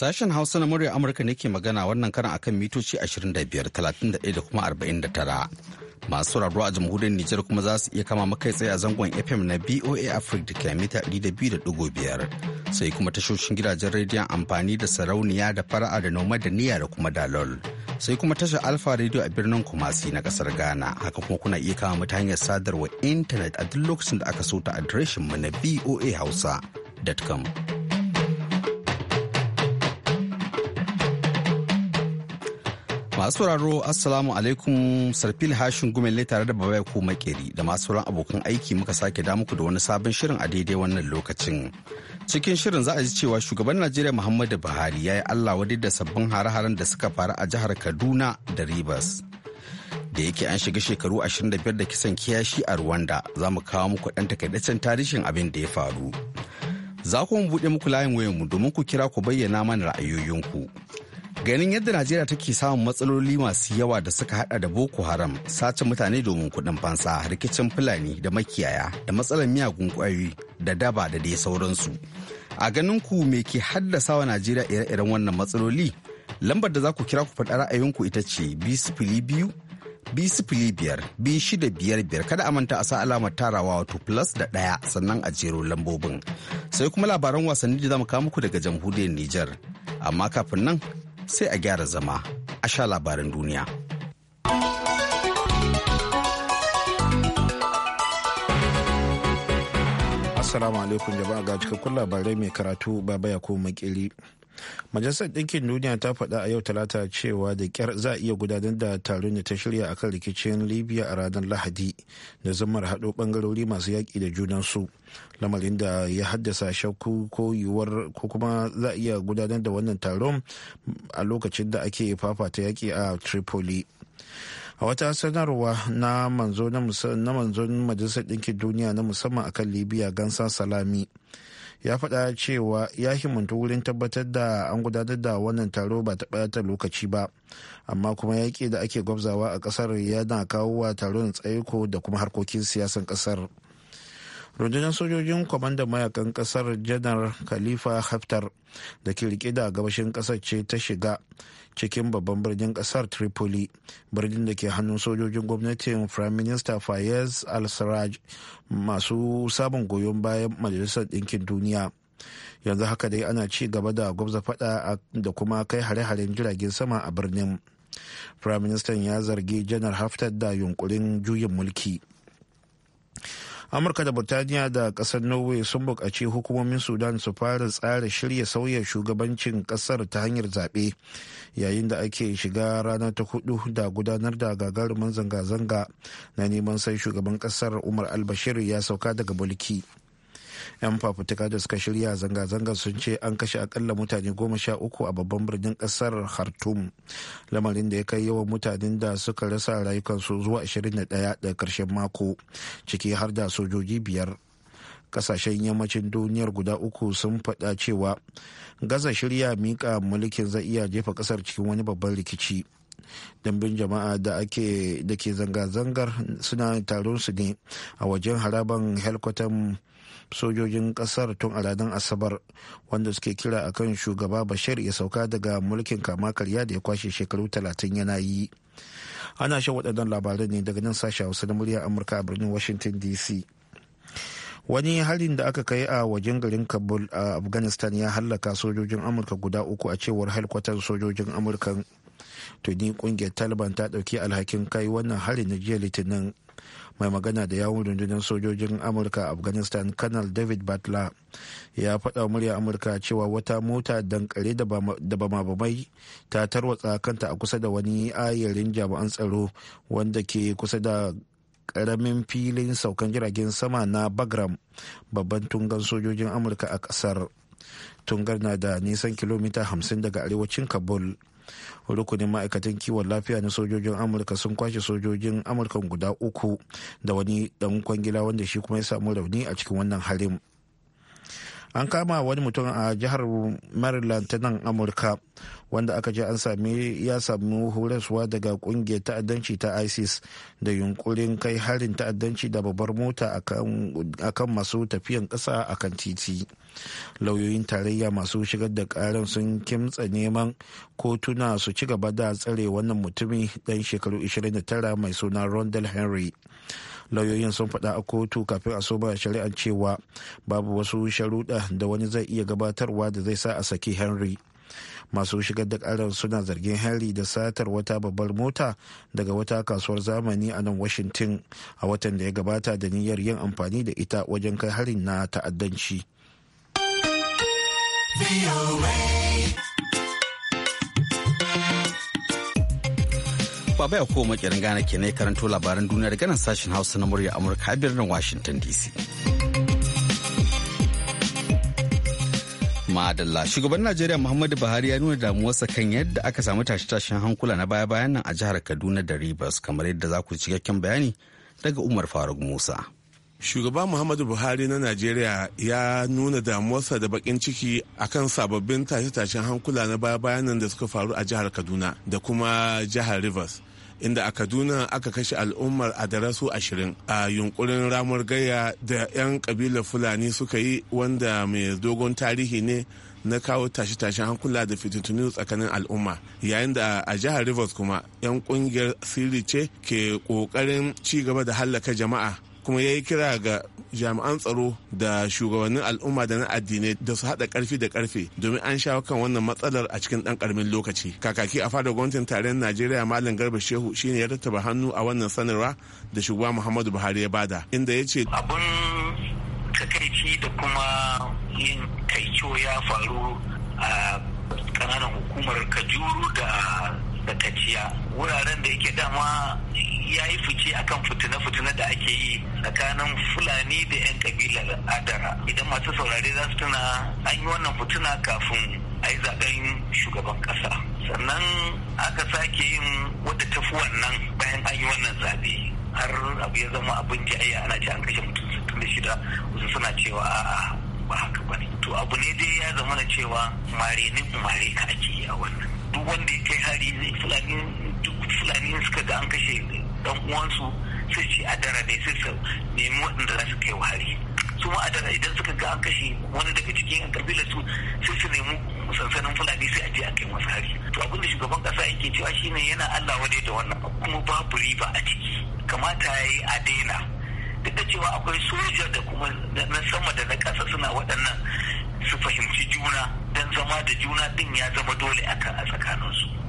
Sashen Hausa na murya Amurka ne ke magana wannan karan akan mitoci 25, 31 da kuma 49. Masu sauraro a jamhuriyar Nijar kuma za su iya kama makai tsaye a zangon FM na BOA Africa da kilomita 200.5 sai kuma tashoshin gidajen rediyon amfani da sarauniya da fara'a da noma da niyya da kuma dalol. Sai kuma tashar Alfa Radio a birnin Kumasi na kasar Ghana. Haka kuma kuna iya kama mu hanyar sadarwa intanet a duk lokacin da aka so ta adireshin mu na Hausa.com. Masu sauraro Assalamu alaikum Sarfil Hashin Gumelle tare da Baba ko Makeri da masu sauran abokan aiki muka sake da muku da wani sabon shirin a daidai wannan lokacin. Cikin shirin za a ji cewa shugaban Najeriya Muhammadu Buhari ya yi Allah wadai da sabbin hare-haren da suka faru a jihar Kaduna da Rivers. Da yake an shiga shekaru 25 da kisan kiyashi a Rwanda za mu kawo muku ɗan takaitaccen tarihin abin da ya faru. Za ku mu buɗe muku layin wayanmu domin ku kira ku bayyana mana ra'ayoyinku. ganin yadda najeriya take samun matsaloli masu yawa da suka hada da boko haram sace mutane domin kudin fansa rikicin fulani da makiyaya da matsalar miyagun kwayoyi da daba da dai sauransu a ganin ku me ke haddasa wa najeriya ire-iren wannan matsaloli lambar da za ku kira ku faɗa ra'ayinku ita ce biyu biyar biyar kada a manta a sa alamar tarawa wato plus da ɗaya sannan a jero lambobin sai kuma labaran wasanni da za mu kawo muku daga jamhuriyar Nijar amma kafin nan sai a gyara zama a sha labaran duniya. Assalamu alaikum jama'a ga cikakkun labarai mai karatu baba ya ko makili. majalisar ɗinkin duniya ta faɗa a yau talata cewa da kyar za a iya gudanar da taron da ta shirya akan rikicin libya a ranar lahadi da zamar haɗo ɓangarori masu yaƙi da junansu lamarin da ya haddasa shakku ko yiwuwar ko kuma za a iya gudanar da wannan taron a lokacin da ake fafata yaƙi a tripoli a wata sanarwa na manzon majalisar ɗinkin duniya na musamman akan libya gansa salami ya faɗa cewa ya himmanta wurin tabbatar da an gudanar da wannan taro ba ta ɓata lokaci ba amma kuma yaƙi da ake gwabzawa a ƙasar yana kawo wa taron tsaiko da kuma harkokin siyasan ƙasar rundunar sojojin kwamandan mayakan ƙasar janar khalifa haftar da ke rike da gabashin ƙasar ce ta shiga cikin babban birnin kasar tripoli birnin da ke hannun sojojin gwamnatin prime minister fayez al-sarraj masu sabon goyon bayan majalisar ɗinkin duniya yanzu haka dai ana ci gaba da gwamza fada da kuma kai hare-haren jiragen sama a birnin firaministan ya zargi janar haftar da yunkurin juyin mulki amurka da burtaniya da kasar norway sun buƙaci hukumomin sudan su fara tsara shirya sauya shugabancin kasar ta hanyar zaɓe yayin da ake shiga rana ta hudu da gudanar da gagarumin zanga-zanga na neman sai shugaban kasar umar albashir ya sauka daga bulki. 'yan fafutuka da suka shirya zanga zanga sun ce an kashe akalla mutane goma sha uku a babban birnin kasar khartoum lamarin da ya kai yawan mutanen da suka rasa rayukansu zuwa 21 da karshen mako ciki har da sojoji biyar kasashen yammacin duniyar guda uku sun faɗa cewa gaza shirya miƙa mulkin zai iya jefa ƙasar cikin wani babban rikici. dambin jama'a da ake da ke zanga-zangar suna taron su ne a wajen haraban helkwatan sojojin kasar tun a asabar wanda suke kira akan shugaba bashir ya sauka daga mulkin kama karya da ya kwashe shekaru talatin yana yi ana shan waɗannan labarin ne daga nan sashen hausa na murya amurka a birnin washington dc wani harin da aka kai a wajen garin kabul a afghanistan ya hallaka sojojin amurka guda uku a cewar halkwatar sojojin amurka tuni kungiyar taliban ta dauki alhakin kai wannan hari na jiya litinin mai magana da yawon rundunar sojojin amurka afghanistan kanal david butler ya faɗa murya amurka cewa wata mota dankare da ba mabamai ta tarwatsa kanta a kusa da wani ayarin jami'an tsaro wanda ke kusa da karamin filin saukan jiragen sama na bagram babban tungan sojojin amurka a kasar tungar na da nisan kilomita 50 daga arewacin kabul rukunin ma'aikatan kiwon lafiya na sojojin amurka sun kwashe sojojin amurka guda uku da wani dan kwangila wanda shi kuma ya samu rauni a cikin wannan harin an kama wani mutum a jihar maryland ta nan amurka wanda aka je an sami ya sami horaswa daga kungiyar ta'addanci ta isis da yunkurin kai harin ta'addanci da babbar mota akan masu tafiyan ƙasa akan titi lauyoyin tarayya masu shigar da karan sun kimtsa neman kotuna su ci gaba da tsare wannan mutumi dan shekaru 29 mai suna rondel henry lauyoyin sun faɗa a kotu kafin a soma shari'ar cewa babu wasu sharuɗa da wani zai iya gabatarwa da zai sa a saki henry masu shigar da karar suna zargin henry da satar wata babbar mota daga wata kasuwar zamani a nan washington a watan da ya gabata da niyyar yin amfani da ita wajen kai harin na ta'addanci. Baba ya koma kirin gane ke ne karanto labaran duniya daga nan sashen Hausa na murya Amurka a birnin Washington DC. Madalla shugaban Najeriya Muhammadu Buhari ya nuna damuwarsa kan yadda aka samu tashe-tashen hankula na baya-bayan nan a jihar Kaduna da Rivers kamar yadda za ku cikakken bayani daga Umar Faruk Musa. shugaba muhammadu buhari na najeriya ya nuna damuwarsa da bakin ciki akan sababbin tashe-tashen hankula na baya-bayanan da suka faru a jihar kaduna da kuma jihar rivers inda a kaduna aka kashe al'ummar a adarasu ashirin a yunkurin ramar gaya da 'yan kabilar fulani suka yi wanda mai dogon tarihi ne na kawo tashe-tashen hankula da fitintunu tsakanin al'umma yayin da a jihar rivers kuma 'yan kungiyar sirri ce ke kokarin ci gaba da hallaka jama'a kuma ya yi kira ga jami'an tsaro da shugabannin al'umma da na addinai da su haɗa ƙarfi da ƙarfe domin an shawo kan wannan matsalar a cikin ɗan ƙaramin lokaci kakaki a fada gwamnatin tarayyar najeriya malam garba shehu shine ya rattaba hannu a wannan sanarwa da shugaba muhammadu buhari ya bada inda ya ce abun takaici da kuma yin taico ya faru a kananan hukumar kajuru da da kaciya wuraren da yake dama ya yi fice akan fitina-fitina da ake yi tsakanin fulani da 'yan kabilar adara idan masu saurare za su tuna an yi wannan fitina kafin a yi zaben shugaban kasa sannan aka sake yin wadda fi wannan bayan an yi wannan zabe har abu ya zama abin jayya ana ce an kashe mutum shida wasu suna cewa a'a ba haka bane to abu ne dai ya zama na cewa mare ne mare ka ake yi a wannan duk wanda ya kai hari fulani duk fulani suka ga an kashe dan uwansu sai ce a dara ne sai su nemi waɗanda za su kai wa hari su ma a dara idan suka ga an kashe wani daga cikin yan kabilar su sai su nemi sansanin fulani sai a je a kai masu hari to abinda shugaban kasa yake cewa shine yana Allah wade da wannan kuma babu riba a ciki kamata yayi a daina duk da cewa akwai soja da kuma na sama da na ƙasa suna waɗannan su fahimci juna don zama da juna ɗin ya zama dole a tsakaninsu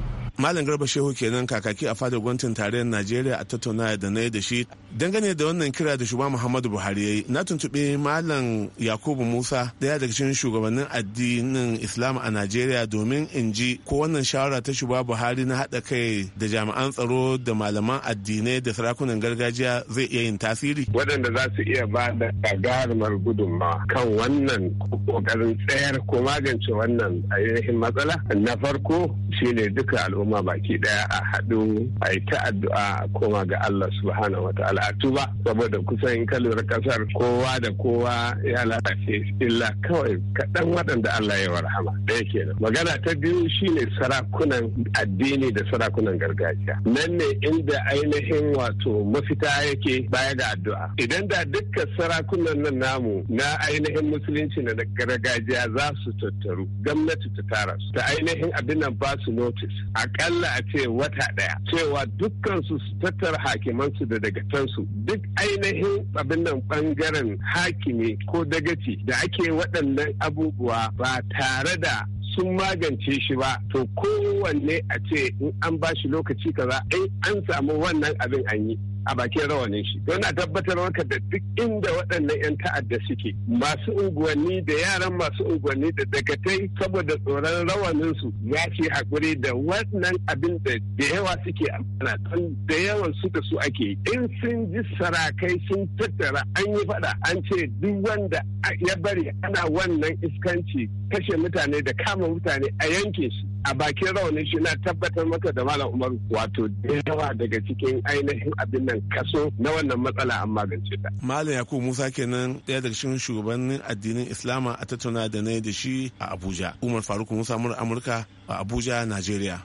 Malam Garba Shehu kenan kakaki a fadar gwamnatin tarayyar Najeriya a tattauna da na da shi dangane da wannan kira da shugaba muhammadu buhari ya yi na tuntuɓi malam yakubu musa daya daga cikin shugabannin addinin islam a najeriya domin in ji ko wannan shawara ta shugaba buhari na haɗa kai da jami'an tsaro da malaman addinai da sarakunan gargajiya zai iya yin tasiri waɗanda za su iya ba da gagarumar gudunmawa kan wannan ƙoƙarin tsayar ko magance wannan ainihin matsala na farko shine duka al'umma baki ɗaya a haɗu a yi ta addu'a koma ga allah subhanahu wataala al'adu ba saboda kusan ka lura kasar kowa da kowa ya lalace illa kawai kaɗan waɗanda Allah ya warhama da yake da magana ta biyu shine sarakunan addini da sarakunan gargajiya nan ne inda ainihin wato mafita yake baya ga addu'a idan da dukkan sarakunan nan namu na ainihin musulunci na gargajiya za su tattaru gwamnati ta tara su ta ainihin abin nan ba su notice akalla a ce wata ɗaya cewa dukkan su su tattara hakimansu da daga can sauransu duk ainihin abin nan bangaren hakimi ko dagaci da ake waɗannan abubuwa ba tare da sun magance shi ba to kowanne a ce in an ba shi lokaci kaza in an samu wannan abin an yi a bakin rawanin shi don na tabbatar maka da duk inda waɗannan 'yan ta'adda suke masu unguwanni da yaran masu unguwanni da dagatai saboda tsoron rawanin su ya ce hakuri da wannan abin da da yawa suke amfana don da yawan su da su ake yi. in sun ji sarakai sun tattara an yi faɗa an ce duk wanda ya bari ana wannan iskanci kashe mutane da kama mutane a yanke su. a bakin Rauni shi na tabbatar maka da malam umaru wato da yawa daga cikin ainihin abin nan kaso na wannan matsala an magance ta malam yakubu musa kenan ɗaya daga cikin shugabannin addinin islama a tattauna da na da shi a abuja umar faruk musa amurka a abuja najeriya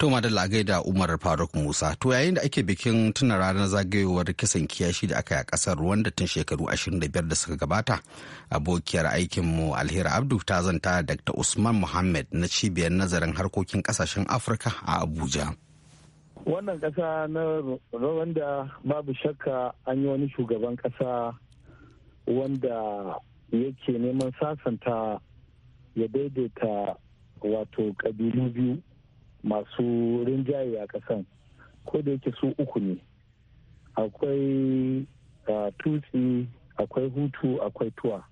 To Madalla gaida Umar Faruk Musa. To yayin da ake bikin tuna ranar zagayowar kisan kiyashi da aka yi a kasar Rwanda tun shekaru 25 da suka gabata, abokiyar aikinmu Alheri Abdu ta zanta Dr. Usman Muhammad na cibiyar nazarin harkokin kasashen Afirka a Abuja. Wannan kasa na Rwanda babu shakka an yi wani shugaban kasa wanda yake neman sasanta ya daidaita wato ƙabilu biyu masu rinjaye a kasan ko da yake su uku ne akwai tutsi akwai hutu akwai tuwa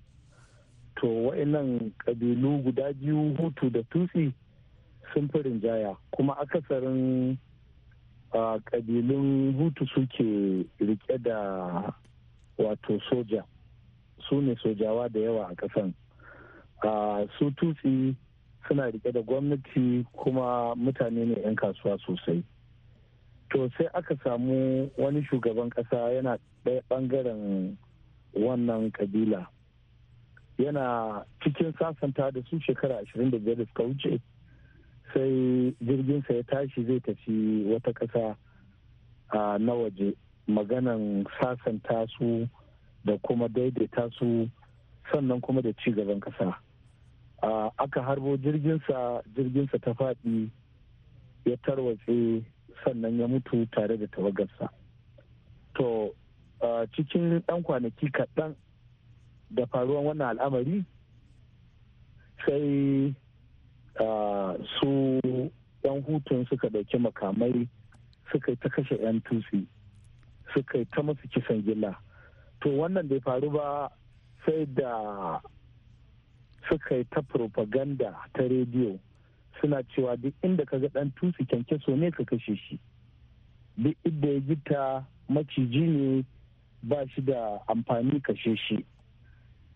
to wa'annan ƙabilu guda biyu hutu da tutsi sun fi rinjaya kuma akasarin kabilun hutu suke rike da wato soja su ne sojawa da yawa a kasan su tutsi suna rike da gwamnati kuma mutane ne 'yan kasuwa sosai to sai aka samu wani shugaban kasa yana ɗaya ɓangaren wannan kabila yana cikin sasanta da su shekara 25 da suka wuce sai jirginsa ya tashi zai tafi wata ƙasa na waje maganan sasanta su da kuma daidaita su sannan kuma da ci gaban ƙasa aka harbo jirginsa jirginsa ta faɗi ya tarwatse sannan ya mutu tare da tawagarsa to cikin ɗan kwanaki kaɗan da faruwan wannan al'amari sai su yan hutun suka ɗauki makamai suka yi ta kashe 'yan tusi suka yi ta masu kisan gila to wannan bai faru ba sai da suka yi ta propaganda ta rediyo suna cewa duk inda ka ga ɗan tusi kyankyaso ne ka kashe shi duk inda ya gita maciji ne ba shi da amfani kashe shi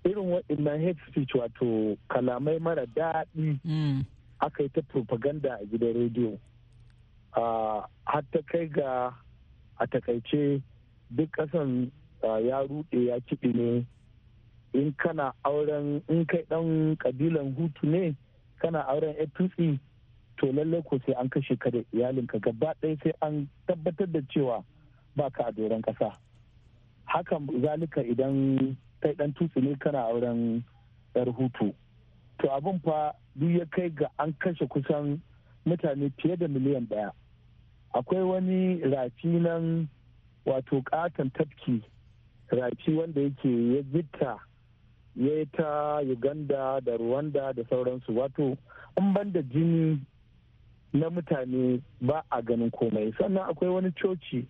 irin waɗannan hate speech wato kalamai mara daɗi mm. aka yi ta propaganda a gidan rediyo har ta kai ga a takaice duk ƙasan ya ruɗe ya kiɗi ne in kana auren in kai dan kabilan hutu ne kana auren etusi tutsi to lallai ko sai an kashe ka da iyalinka gaba ɗaya sai an tabbatar da cewa ba ka a doron ƙasa hakan zalika idan kai dan tutsi ne kana auren yar hutu to abin fa duk ya kai ga an kashe kusan mutane fiye da miliyan ɗaya akwai wani rafi nan wato katon tafki rafi wanda yake ya jitta ya ta uganda da rwanda da sauransu wato an ban da jini na mutane ba a ganin komai sannan akwai wani coci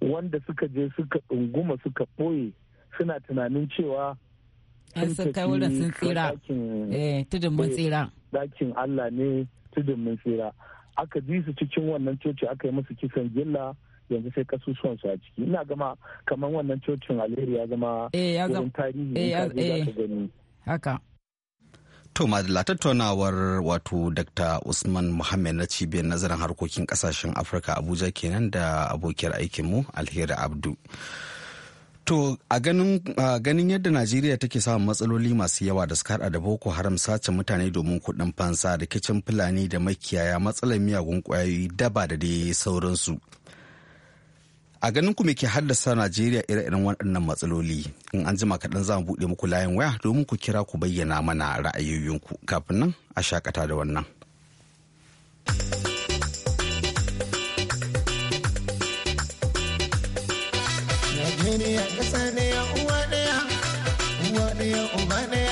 wanda suka je suka ɗunguma suka ɓoye suna tunanin cewa an sun kai wurin tsira dakin eh, eh, allah ne tudun mun tsira aka ji su cikin wannan coci aka yi musu kisan gilla yanzu sai kasusuwan su a ciki ina gama kamar wannan cocin alheri ya zama eh, wurin tarihi eh, za ka eh, gani haka To Madalla tattaunawar wato Dr. Usman Muhammad na cibiyar nazarin harkokin kasashen Afirka Abuja kenan da abokiyar aikinmu Alheri Abdu. To a ganin yadda Najeriya take samun matsaloli masu yawa da suka da Boko Haram sace mutane domin kuɗin fansa da kicin Fulani da makiyaya matsalar miyagun ƙwayoyi daba da dai sauransu. a ganin ku me ke haddasa najeriya ire-iren waɗannan matsaloli in an jima kaɗan za mu buɗe muku layin waya domin ku kira ku bayyana mana ra'ayoyinku kafin nan a shakata da wannan Najeriya ƙasa ya uwa ɗaya uwa ɗaya uba ɗaya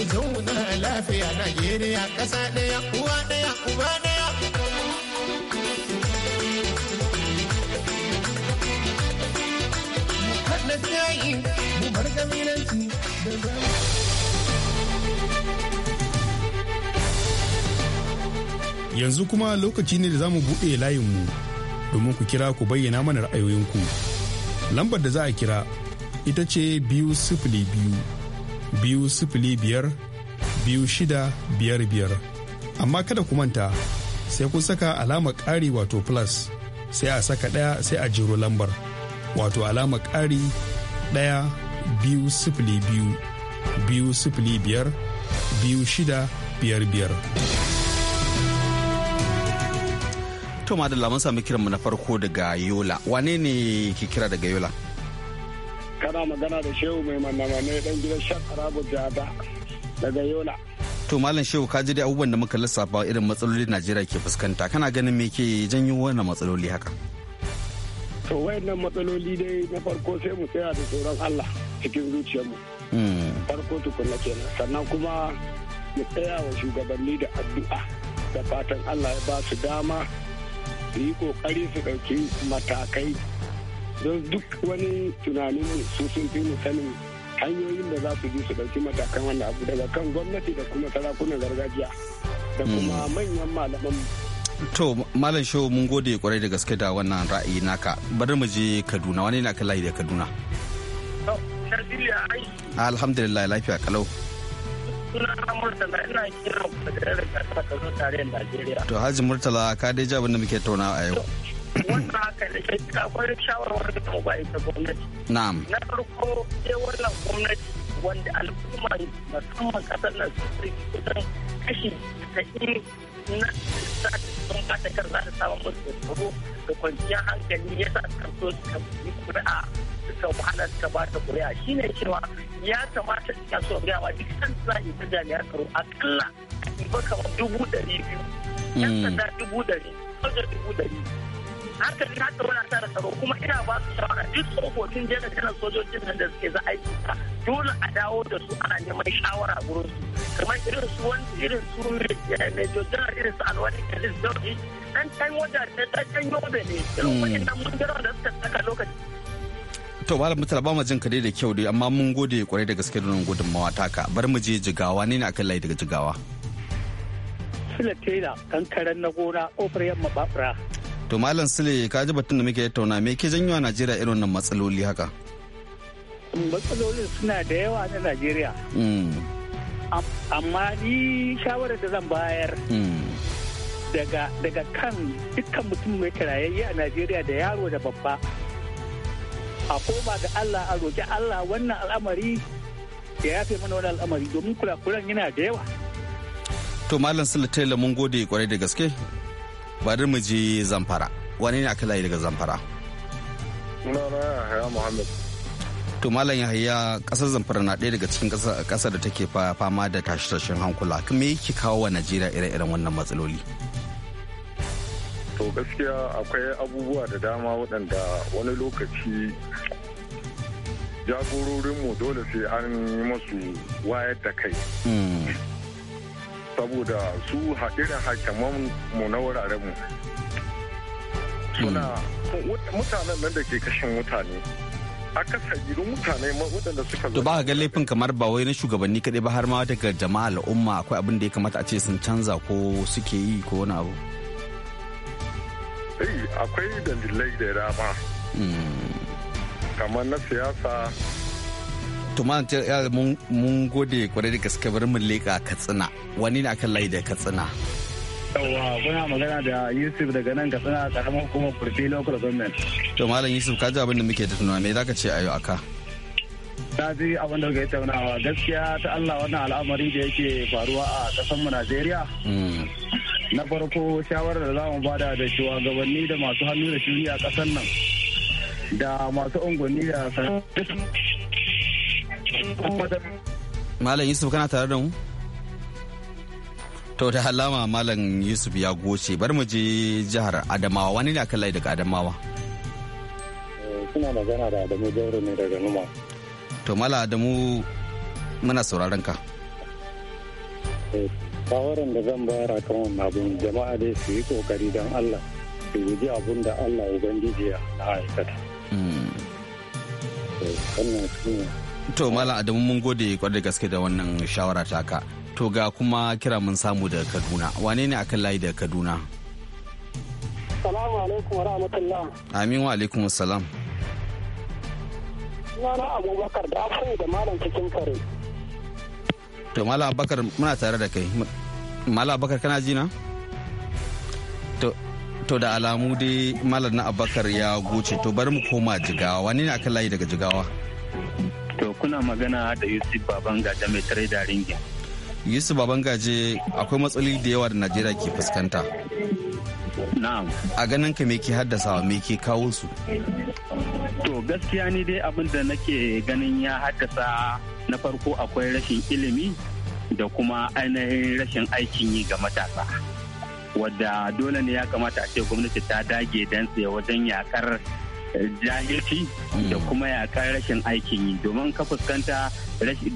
mu zauna lafiya Najeriya ƙasa ɗaya uwa ɗaya uba ɗaya. Mu haɗa yayi mu bar ƙabilanci da zama. Yanzu kuma lokaci ne da za mu buɗe layinmu domin ku kira ku bayyana mana ra'ayoyinku. Lambar da za a kira ita ce biyu sifili biyu biyu sifili biyar biyu shida biyar biyar amma kada ku manta sai kun saka alama ƙari wato plus sai a saka ɗaya sai a jiro lambar wato alama ƙari ɗaya biyu sifili biyu biyu sifili biyar biyu shida biyar biyar. To da lamun sami kiranmu na farko daga Yola. Wane ne ke kira daga Yola? kana magana da shehu mai manamane dan gidan shan arabu jada daga yola to malam shehu ka ji dai abubuwan da muka lissafa irin matsaloli najeriya ke fuskanta kana ganin me ke janyo wannan matsaloli haka to wayannan matsaloli dai na farko sai mu tsaya da tsoron allah cikin zuciyarmu hmm. farko tukunna kenan sannan kuma mu tsaya wa shugabanni da addu'a da fatan allah ya ba su dama su yi kokari su ɗauki matakai don duk wani tunanin su sun fi mu sanin hanyoyin da za su bi su ɗauki matakan wannan abu daga kan gwamnati da kuma sarakunan gargajiya da hmm. kuma manyan malaman to malam shehu mun gode kwarai da gaske da wannan ra'ayi naka bari mu je kaduna wani na kan da kaduna alhamdulillah lafiya kalau to haji murtala ka dai jabin da muke tauna a yau wannan haka da ke cika akwai shawarwarin da ba ita gwamnati. Na'am. Na farko sai wannan gwamnati wanda al'umma musamman kasar nan su kusan kashi tasa'in na sa sun ba ta za ta samu musu tsaro da kwanciyar hankali ya sa suka so suka yi kuri'a suka wahala suka ba ta kuri'a shine cewa ya kamata suka so gawa duk san za a yi ta jami'ar tsaro akalla a ɗiba kamar dubu ɗari biyu. Hmm. Yan sanda dubu ɗari, soja dubu ɗari, hankali na tsaro ta tara tsaro kuma ina ba su shawara duk tsofaffin jana janar sojojin nan da suke za a yi dole a dawo da su ana neman shawara gurin su kamar irin su wani irin su mai janar irin su alwani da kalis dauki dan can wajen dan can da ne irin hmm. wa'in nan mun jira da suka saka lokaci to malam mutala ba mu jin kadai da kyau dai amma mun gode kwarai da gaske don mawa taka bar mu je jigawa ne akan layi daga jigawa sila tela kankaran na gona kofar yamma babura to malam sule ka ji batun da muke tattauna me ke janyo a najeriya irin wannan matsaloli haka matsalolin suna da yawa na najeriya mm. amma ni shawarar da zan bayar mm. daga kan dukkan mutum mai tarayayye a najeriya da yaro da babba a koma ga allah a roƙi allah wannan al'amari ya yafe mana wani al'amari domin kurakuran yana da yawa to malam sule taylor mun gode kwarai da gaske bari mu je zamfara wani ne aka layi daga zamfara sunana yahaya muhammad to malam yahaya kasar zamfara na ɗaya daga cikin kasar da take fama da tashe-tashen hankula kuma yake kawo wa najeriya ire-iren wannan matsaloli to gaskiya akwai abubuwa da dama waɗanda wani lokaci jagororinmu dole sai an yi masu wayar da kai hmm. saboda su haɗirin hakaman mu na wuraren mu suna mutanen nan da ke kashin mutane akasari mutane waɗanda suka to ba ga laifin kamar ba wai na shugabanni kaɗai ba har ma daga jama'a al'umma akwai abin da ya kamata a ce sun canza ko suke yi ko wani abu eh, akwai dalilai da dama hmm. kamar na siyasa to ma mun gode kwarai da gaske bari mu leƙa katsina wani ne akan layi da katsina yawa muna magana da yusuf daga nan katsina karamar hukumar kurfi local government to malam yusuf ka ji abin da muke tattaunawa me zaka ce a yau aka na ji abin da ga taunawa gaskiya ta Allah wannan al'amari da yake faruwa a kasar mu Najeriya hmm. na farko shawarar da za mu bada da shugabanni da masu hannu da shuni a kasar nan da masu unguwanni da sanar Malam Yusuf kana tare da mu? To da halama Malam Yusuf ya goce bar mu je jihar Adamawa wani ne akan layi daga Adamawa? Suna magana da Adamu Jauro ne daga Numa. To Mala Adamu muna sauraron ka. Eh, shawaran da zan bayar akan wannan abin jama'a dai su yi kokari don Allah su guji abin da Allah Ubangiji ya aikata. Hmm. Eh, wannan shi ne to mala adamu mun gode kwarai gaske da wannan shawara ka. to ga kuma kira mun samu da kaduna wane ne akan layi da kaduna salamu alaikum wa rahmatullah amin wa alaikum salam sunana abubakar da afuwa da malam cikin kare to mala abubakar muna tare da kai mala abubakar kana ji na to to da alamu dai malam na Abubakar ya goce to bari mu koma jigawa wane ne akan layi daga jigawa kuna magana da Yusuf Babangaje mai tare da ringin. Yusuf Babangaje akwai matsaloli da yawa da Najeriya ke fuskanta. Na'am. A ganin ka me ke haddasa me ke kawo su? To gaskiya ni dai abin da nake ganin ya haddasa na farko akwai rashin ilimi da kuma ainihin rashin aikin yi ga matasa. Wadda dole ne ya kamata a ce gwamnati ta dage dantse wajen yakar jahilci da mm. kuma yakar rashin aikin yi domin ka fuskanta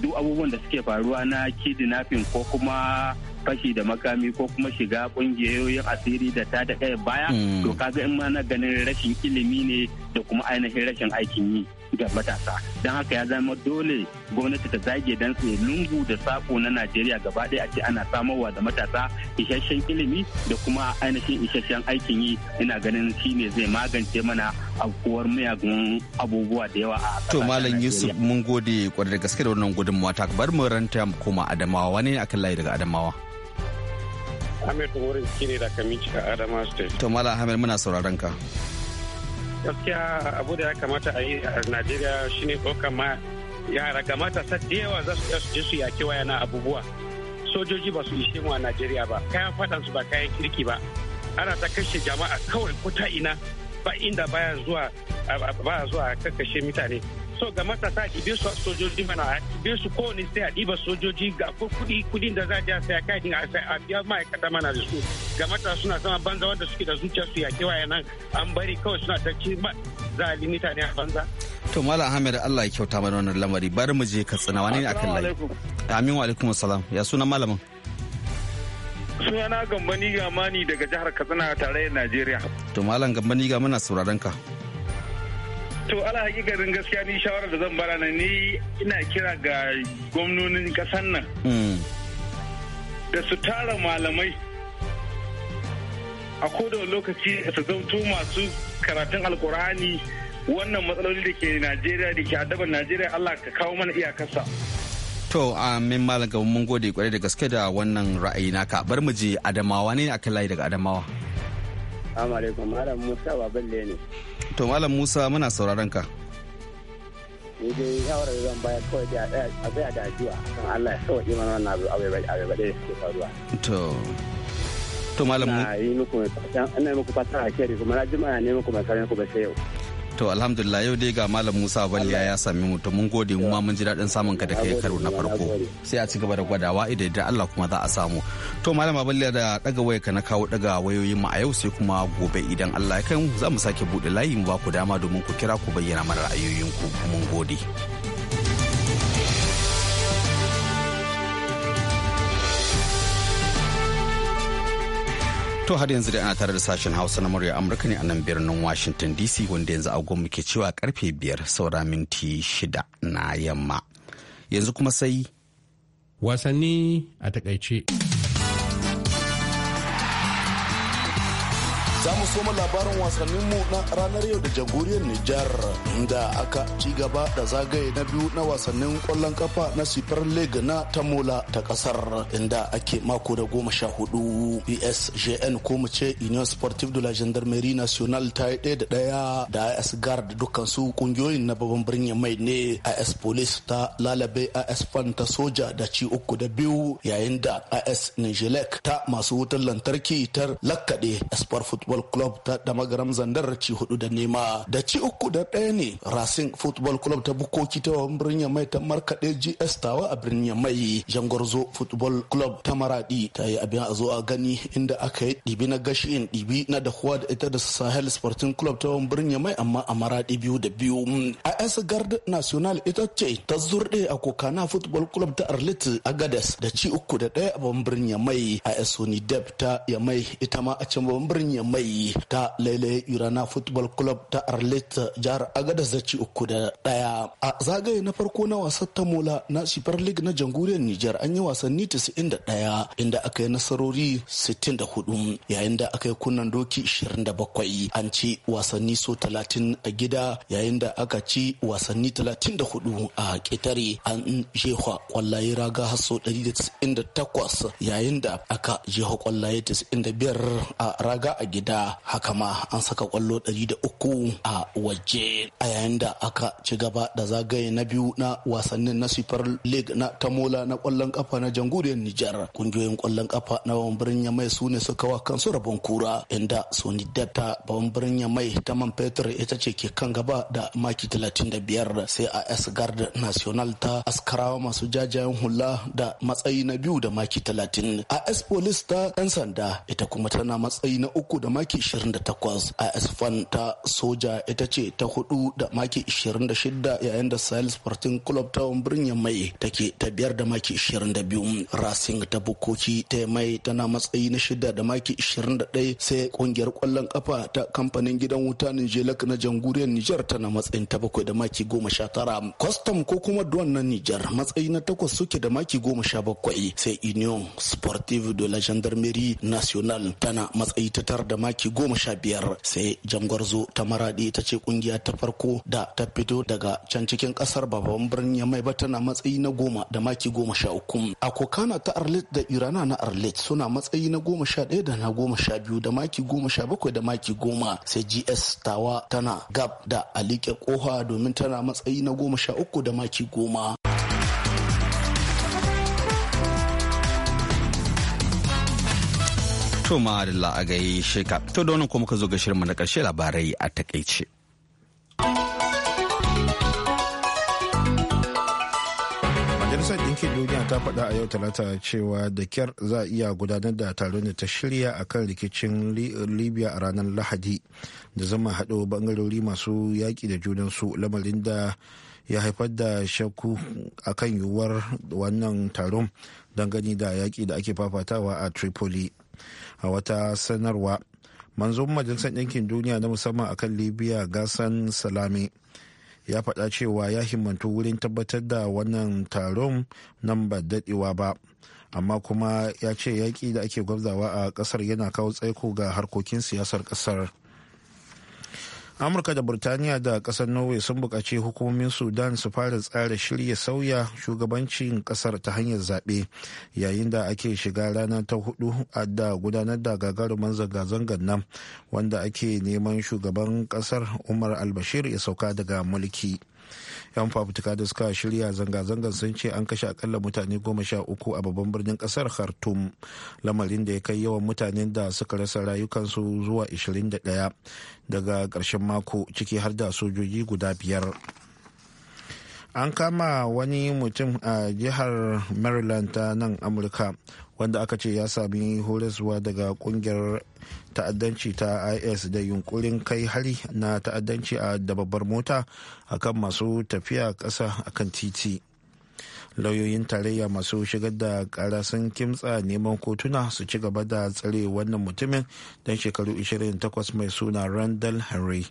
duk abubuwan da suke faruwa na kidnapping ko kuma fashi da makami ko kuma shiga kungiyoyin asiri da ta da baya to mm. kaga in ma na ganin rashin ilimi ne da kuma ainihin rashin aikin yi da matasa don haka ya zama dole gwamnati ta zage don su lungu da sako na najeriya gaba ɗaya a ce ana samuwa da matasa isasshen ilimi da kuma ainihin isasshen aikin yi ina ganin shi ne zai magance mana afkuwar miyagun abubuwa da yawa a to malam yusuf mun gode kwarai da gaske da wannan gudunmawa ta bar mu ranta koma adamawa ne akan layi daga adamawa Ahmed Umarin shine da Kamici a Adamawa State. To Malam muna sauraron ka. gaskiya abu da ya kamata a yi a najeriya shine ɗaukar ma yara ga sa da yawa za su je su yaki waya na abubuwa sojoji ba su ishe mu a najeriya ba kayan su ba kayan kirki ba ana ta kashe jama'a kawai ko ta ina ba inda baya zuwa a zuwa kakkashe mutane so ga matasa a ɗibe su a sojoji mana a ɗibe su kowane sai a ɗiba sojoji ga ko kuɗi kuɗin da za a ja sai a kai a biya ma'aikata mana da su ga matasa suna sama banza wanda suke da zuciya su yaƙi waye nan an bari kawai suna ta ci ma za a banza. to malam ahmed allah ya kyauta mana wannan lamari bari mu je katsina wani ne akan layi amin wa alaikum salam ya sunan malamin. sunana gambani gamani daga jihar katsina tare da najeriya. to malam gambani ga mana sauraron ka. To ala hakikarin gaskiya ni shawarar da zan bara na ni ina kira ga gwamnonin kasan nan. Hmm. Da su tara malamai a koda lokaci su zauto masu karatun alkur'ani wannan matsaloli da ke Najeriya da ke adaban Najeriya Allah ka kawo mana iyakarsa. To amin malam malaga mun gode kwarai da gaske da wannan ra'ayi naka bar mu je Adamawa ne akan layi daga Adamawa. Assalamu alaikum Malam Musa Baballe ne. To Malam Musa muna sauraron ka. dai yawar zan baya kawai da a tsaya da addu'a kan Allah ya sauke mana wannan abu abai bai abai bai suke faruwa. To to malam Na yi muku fatan ina muku fatan alheri kuma na jima'a ne muku mai sani ku ba sai yau. To alhamdulillah yau dai ga Malam Musa Baliya ya sami mu to mun gode mu ma mun ji daɗin samun ka da kai karo na farko. Sai a ci gaba da gwadawa idan da Allah kuma za a samu. To Malam Baliya da daga waya ka na kawo daga wayoyin mu a yau sai kuma gobe idan Allah ya kai mu za mu sake bude layi mu ba ku dama domin ku kira ku bayyana mana ra'ayoyinku. Mun gode. To har yanzu da ana tare da sashen Hausa na murya Amurka ne a nan birnin Washington DC wanda yanzu agon ke cewa karfe biyar saura minti shida na yamma. Yanzu kuma sai wasanni a takaice. Za mu soma labarin mu na ranar yau da jamhuriyar Nijar inda aka ci gaba da zagaye na biyu na wasannin kwallon kafa na Super League na Tamola ta kasar inda ake mako da goma sha hudu PSGN ko mu ce Union Sportive de la Gendarmerie Nationale ta yi ɗaya da ɗaya da AS Guard dukansu kungiyoyin na babban birnin mai ne AS Police ta lalabe AS Fan ta soja da ci uku da biyu yayin da AS Nijelek ta masu wutar lantarki ta lakkaɗe Sport Football football club ta garam zandar ci hudu da nema da ci uku da ɗaya ne racing football club ta bukoki ta birnin mai ta markaɗe gs tawa a birnin mai jangorzo football club ta maradi ta yi abin a zo a gani inda aka yi ɗibi na gashi in ɗibi na da dahuwa da ita da sahel sporting club ta birnin mai amma a maradi biyu da biyu as guard national ita ce ta zurɗe a kokana football club ta arlit agades da ci uku da ɗaya a babban birnin mai as sony ta yamai ita ma a can birnin yamai yi ta lele urana football club ta arlit jihar agadas da ci uku da daya a zagaye na farko na wasan mola na super league na jamhuriyar niger an yi wasanni 91 inda aka yi nasarori 64 yayin da aka yi kunnan doki 27 an ci wasanni so 30 a gida yayin da aka ci wasanni 34 a ƙetare an jefa kwallaye raga haso 198 yayin da aka jefa kwallaye 95 a raga a gida da haka ma an saka kwallo da uku a waje a yayin da aka ci gaba da zagaye na biyu na wasannin na super league na tamola na kwallon kafa na jamhuriyar nijar kungiyoyin kwallon kafa na babban birnin mai su ne suka wa kansu rabon kura inda sonidar ta babban birnin mai ta man fetur ita ce ke kan gaba da maki biyar. sai a s guard national ta askarawa masu jajayen hula da matsayi na biyu da maki 30 a s police ta 'yan sanda ita kuma tana matsayi na uku da maki maki 28 AS ta soja ita ce ta hudu da maki 26 yayin da Sahel Sporting Club ta birnin mai take ta biyar da maki 22 Racing ta Bukoki ta mai tana matsayi na shida da maki 21 sai kungiyar kwallon kafa ta kamfanin gidan wuta Nijelak na jamhuriyar Nijar tana matsayin ta bakwai da maki 19 Custom ko kuma Duwan na Nijar matsayi na takwas suke da maki 17 sai Union Sportive de la Gendarmerie Nationale tana matsayi ta tara da maki goma sha biyar sai jangwarzo ta maradi ta ce kungiya ta farko da ta fito daga can cikin kasar babban birnin ya mai tana matsayi na goma da maki goma sha uku a kokana ta arlet da irana na arlet suna matsayi na goma sha ɗaya da na goma sha biyu da maki goma sha bakwai da maki goma sai gs tawa tana gab da alike koha domin tana matsayi na goma sha uku da maki goma. To ma da a gaye sheka. To da wannan kuma ka zo ga shirinmu na ƙarshe labarai a takaice. Majalisar Ɗinkin Duniya ta faɗa a yau talata cewa da kyar za a iya gudanar da taron da ta shirya a kan rikicin Libya a ranar Lahadi da zama haɗo bangarori masu yaƙi da junansu lamarin da ya haifar da shakku akan yiwuwar wannan taron don gani da yaƙi da ake fafatawa a Tripoli. a wata sanarwa manzon majalisar ɗinkin duniya na musamman akan libya gasan salami ya faɗa cewa ya himmantu wurin tabbatar da wannan taron nan ba daɗewa ba amma kuma ya ce yaƙi da ake gwabzawa a ƙasar yana kawo tsaiko ga harkokin siyasar ƙasar amurka da burtaniya da kasar norway sun buƙaci hukumomin sudan su fara tsara shirya sauya shugabancin kasar ta hanyar zaɓe yayin da ake shiga rana ta hudu a da gudanar da gagarumin zanga-zangar nan wanda ake neman shugaban kasar umar albashir ya sauka daga mulki. yan fafutuka da suka shirya zanga zanga sun ce an kashe akalla mutane goma sha uku a babban birnin kasar khartoum lamarin da ya kai yawan mutanen da suka rasa rayukansu zuwa 21 daga ƙarshen mako ciki har da sojoji guda biyar an kama wani mutum a jihar maryland ta nan amurka wanda aka ce ya sami horaswa daga kungiyar ta'addanci ta is da yunkurin kai hari na ta'addanci a da babbar mota akan masu tafiya ƙasa akan titi lauyoyin tarayya masu shigar da kara sun kimtsa neman kotuna su ci gaba da tsare wannan mutumin dan shekaru 28 mai suna randall henry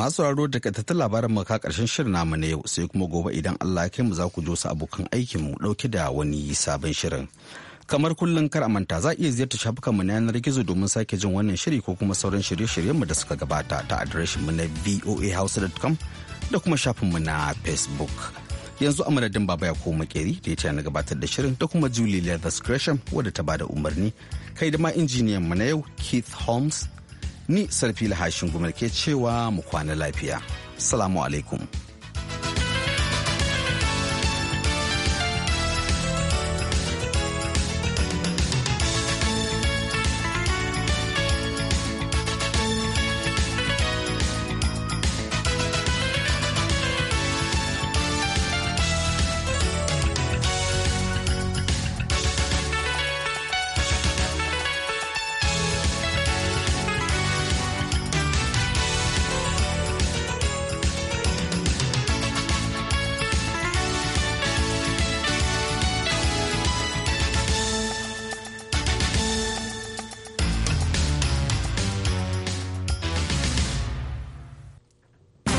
Masu sauraro da tattun labarin maka karshen shirin namu na yau sai kuma gobe idan Allah ya mu za ku josa wasu abokan mu ɗauke da wani sabon shirin. Kamar kullum kar a manta za a iya ziyarta shafukanmu na yanar gizo domin sake jin wannan shiri ko kuma sauran shirye-shiryenmu shiryen da suka gabata ta adireshinmu na voahouse.com da kuma shafin mu na Facebook. yanzu a madadin baba ya koma makeri da ya ce na gabatar da shirin da kuma julie leathers gresham wadda ta bada umarni kai da ma injiniyan mu na yau keith holmes ni sarfi lahashin gumar ke cewa mu kwana lafiya salamu alaikum